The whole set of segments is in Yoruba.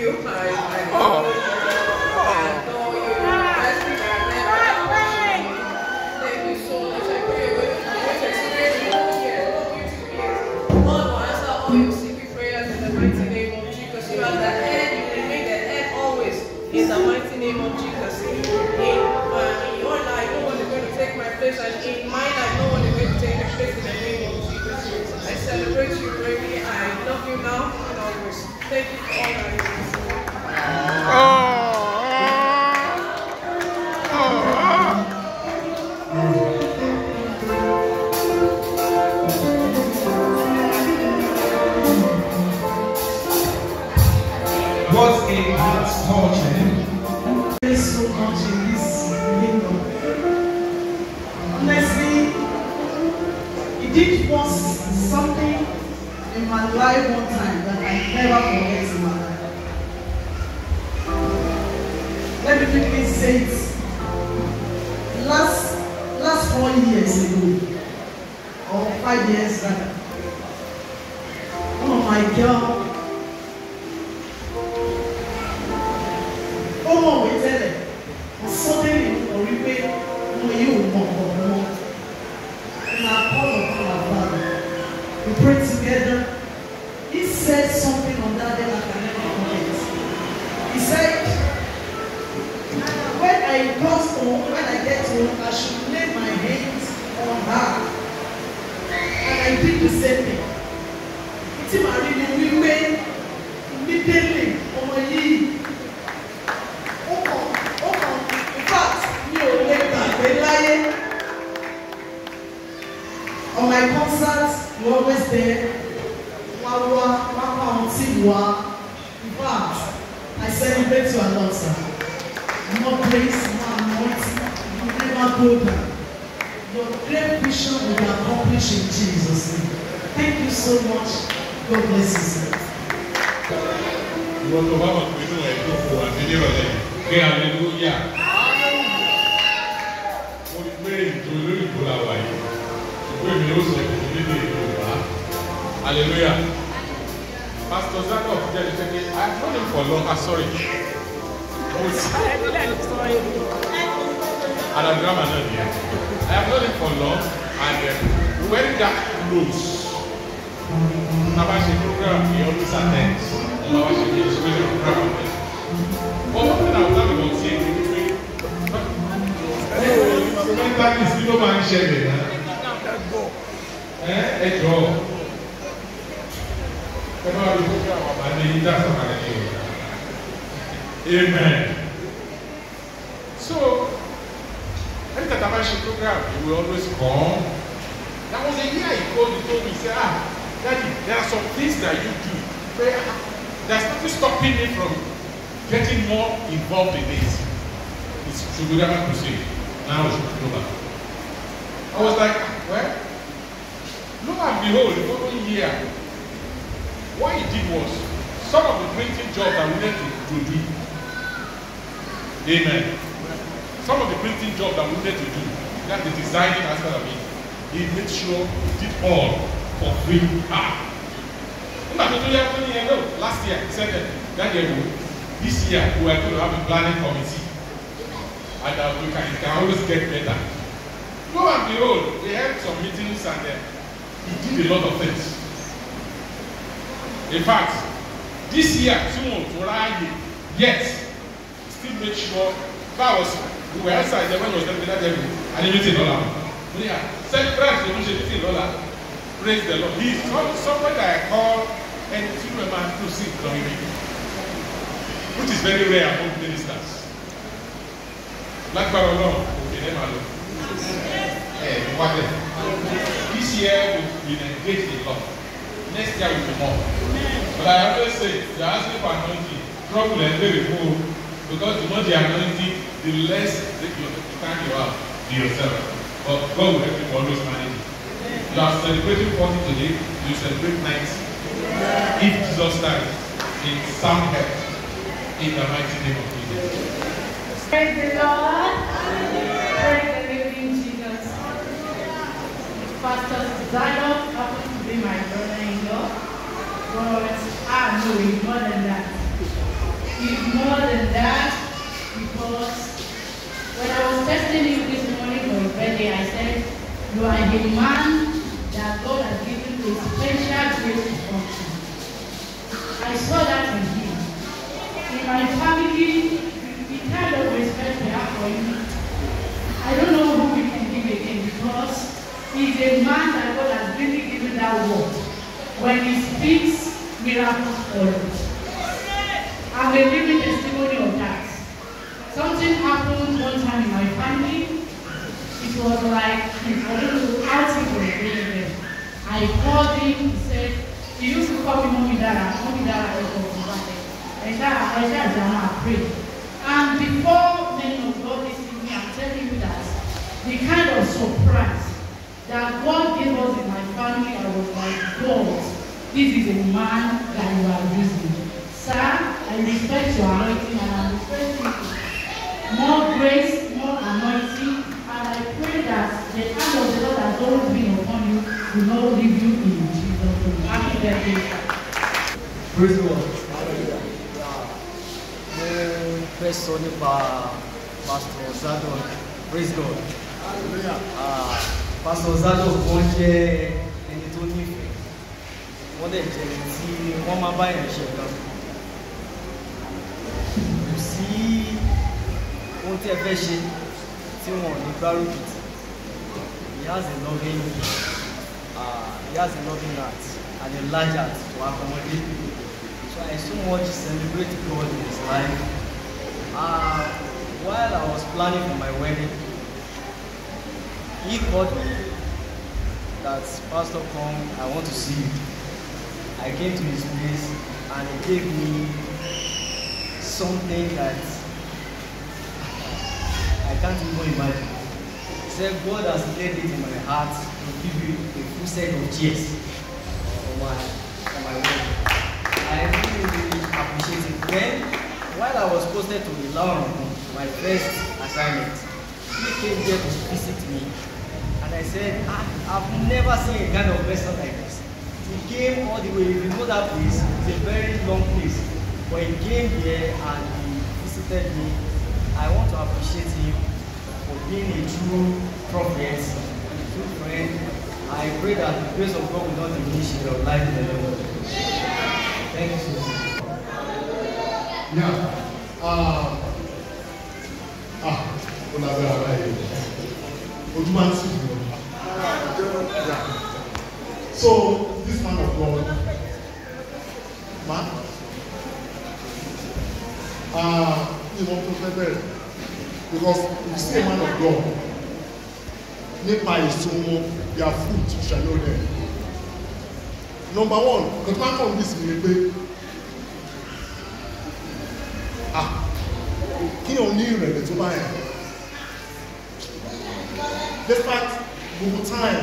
viu? Mas, pai. was something in my life one time that I never forget in my life. Let me quickly say it. Last, last four years ago, or five years back, ìwọ́n tó bá wà pẹ̀lú ẹ̀ tó kò wà aleluya. mo rí pé ètò olóyìnbó la wà yìí ìwé mi ó aleluya. Pastor Zano of Jẹ́rìí ṣe pé I told him for long ah, sorry. Adam Grama náà nìyẹn. I have known him for long and uh, eh, wearing that clothes. Tabashe program he always attends ṣẹlẹ̀ náà ẹ ẹ jọ ẹ bá rí fún àwọn ọba ní yíyá sọ̀kalẹ̀ ní ìwé amen so ẹni tàtà máa ṣe program we will always come na wọn lè yí àyíkó ní tó mi sẹ́ ah daddy there are some things that you do prayer. There's nothing stopping me from getting more involved in this. It's Shugudama Crusade. Now it's I was like, well, lo and behold, the following year, what he did was some of the printing jobs I we to, to do. Amen. Some of the printing jobs we needed to do, that the designing aspect of it, he made sure he did all for free. Ah. nígbà tó tó yẹ kó ní ẹgbẹ́ last year he said that year no this year we were going to have a planning committee and that we can, can always get better lo and behold we had some meetings and then uh, he did a lot of things in fact this year two months, ò tó ráàyè yet still make sure báwo sọ we were outside there when we were there that day and the meeting lọ́la we are celebrate the meeting lọ́la praise the Lord he is somebody I call ẹni tí wọ́n máa tó sí nǹkan rere which is very rare among ministers lágbára ọlọ́run òkè ẹ̀ máa lọ ẹ̀ wá bẹ̀ this year we been engaged in love next year we be more but I always say you are asking for anointing trouble ẹ̀ bẹ̀rẹ̀ fún because the more the anointing the less the time you have to yourself but God will help you always manage it you are celebrating forty today you celebrate ninety. If Jesus dies, in some help in the mighty name of Jesus. Praise the Lord. Praise the living Jesus. Pastor Zano happens to be my brother-in-law, but I know he's more than that. He's more than that because when I was testing you this morning for his I said, you are the man that God has given a special grace to function. I saw that in him. In my family, we kind of respect we have for him. I don't know who we can give again because he's a man that God has really given that word. When he speaks, miracles follow. I'm a living testimony of that. Something happened one time in my family. It was like, I don't know how it I called him, he said, ìlú ti call bí wọ́n fi dára wọ́n fi dára ẹ̀kọ́ ọ̀gbìn bá tẹ̀ ẹ̀ṣá ẹ̀ṣá ìjà máa pray and before many of God lis ten me I'm telling you that the kind of surprise that God gave us in my family I was like God this is a man that you are using sir I respect your anointing and I respect you more grace more anointing and I pray that the hand of the Lord that don bring upon you will not leave you in. Happy birthday. Praise the Lord. Mo fẹ́ sọ nípa Pastor Zadon. Praise God. Ah, Pastor Zadon wọ́n jẹ́ ẹni tó nífẹ̀ẹ́. Wọ́n dẹ̀ jẹ́ ẹni tí wọ́n máa bá yẹn ṣe gan. Kò sí ohun tí ẹ fẹ́ ṣe tí wọn ò ní gbárùkù tì. He has a uh, he has a loving heart and a large heart to accommodate people. So I so much celebrate God in his life. Uh, while I was planning for my wedding, he called me that Pastor come, I want to see you. I came to his place and he gave me something that I can't even imagine. He said, God has laid it in my heart to give you a who said no tears on oh, oh, my, on my way. I really, really appreciate it. Then, while I was posted to the Ilorin, my first assignment, he came here to visit me. And I said, I, ah, I've never seen a kind of person like this. He came all the way, if you know that place, it's a very long place. But he came here and he visited me. I want to appreciate him for being a true prophet and a true friend I pray that the grace of God will not diminish in your life in the name of Jesus. Thank you, Jesus. Now, Ah. ah, ó lágbára arrive. ojú máa ń sùn mí So this man of God, man, ah, wọ́n tó fẹ́ because you see a man of God nípa ìsun wọn their fruit shall know them. number one kò tó from this kàn pé ah kí o ní ìrẹ̀lẹ̀ tó bá yẹn fact, gbogbo time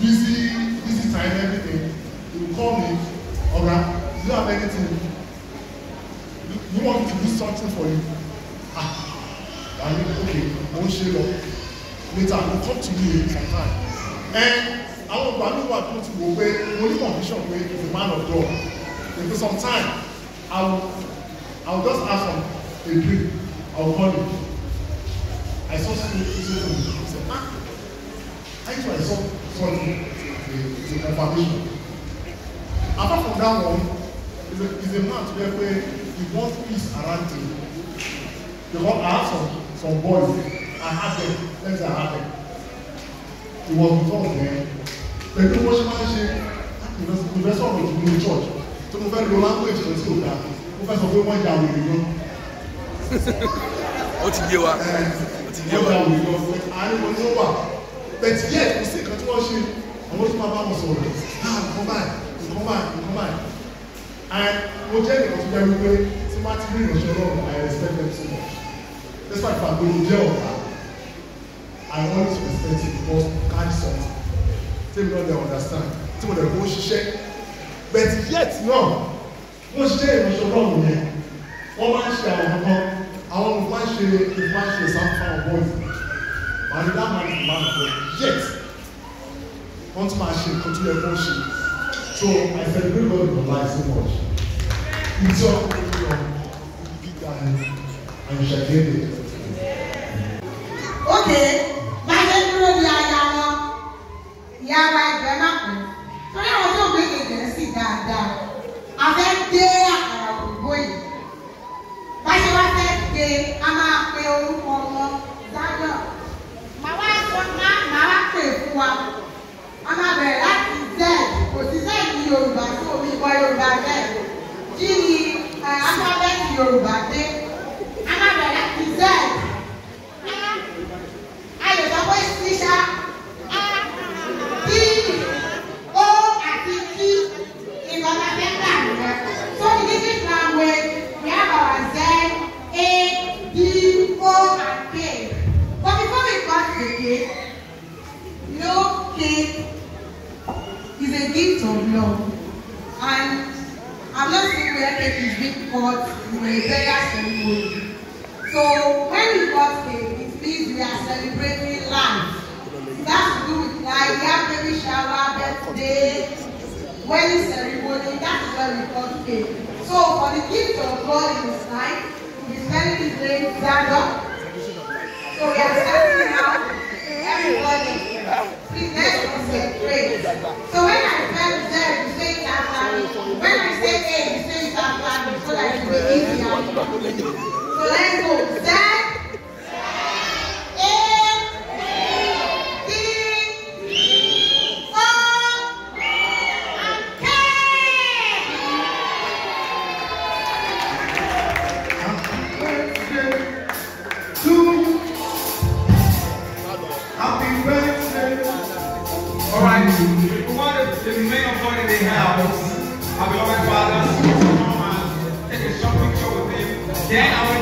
busy busy time everything you call me ọ̀gá do you have anything you, want to do something for you ah i mean okay mo ń ṣe lọ later i go come to you in some time àwọn ìgbà mi wà tó ti wò pé mo ní condition pé he's a man of God because sometimes I will I will just ask am a drink I will call him I saw something he say ah actually I saw something the a confirmation apart from that one he's a he's a man to be pay he want peace around him because I have some some boys I have them things I have them ìwọ ọ̀gbọ̀n ọ̀gbẹ́ pẹ̀lú wọ́n ṣe máa ń ṣe ìfẹ́sọ̀ ọ̀rọ̀ tó ní church tó mo fẹ́ lo language kan sí òkà mo fẹ́ sọ pé wọ́n ya òwe gan. ó ti yé wa ó ti yé wa. wọ́n ya òwe gan àárín wọn ni wọ́n wà bẹ̀tì yẹ kò sí nǹkan tí wọ́n ṣe àwọn tó máa bá wọn sọ̀rọ̀ ah nǹkan báyìí nǹkan báyìí nǹkan báyìí and mo jẹ́ nǹkan tó jẹ́ wípé tí má ti rí ìrànṣẹ́ náà I respect them so much despite the fact pé mo I want to respect you because you can't suffer. Tí mi náà dey understand, tí mo dẹ̀ kó ṣiṣẹ́. But yet no. mo ṣiṣẹ́ ìránṣẹ́ ọlọ́run yẹn. Wọ́n máa ń ṣe àwọn ọmọ àwọn ọmọ máa ń ṣe ìfá ṣe sáfà ọ̀bọ̀n. Màá ní dáhùn àti ìmọ̀ àgbọ̀. Yet, wọ́n tún máa ṣe nǹkan tó yẹ ṣe. So I celebrate God in my life so much. Ìjọ ìjọ big guy and you shall Okay. your back the prayer ceremony. So when we got here, it means we are celebrating life. That's to do with life. We baby shower, birthday, wedding ceremony. That's where we got here. So for the gift of God in this life, we spend this day together. So we are starting now. Everybody, please let's concentrate. So when I felt there, you say that, when I say hey, Lendo, certo? Alright, we want to remain on point in their house. I'll be right by father. Yeah.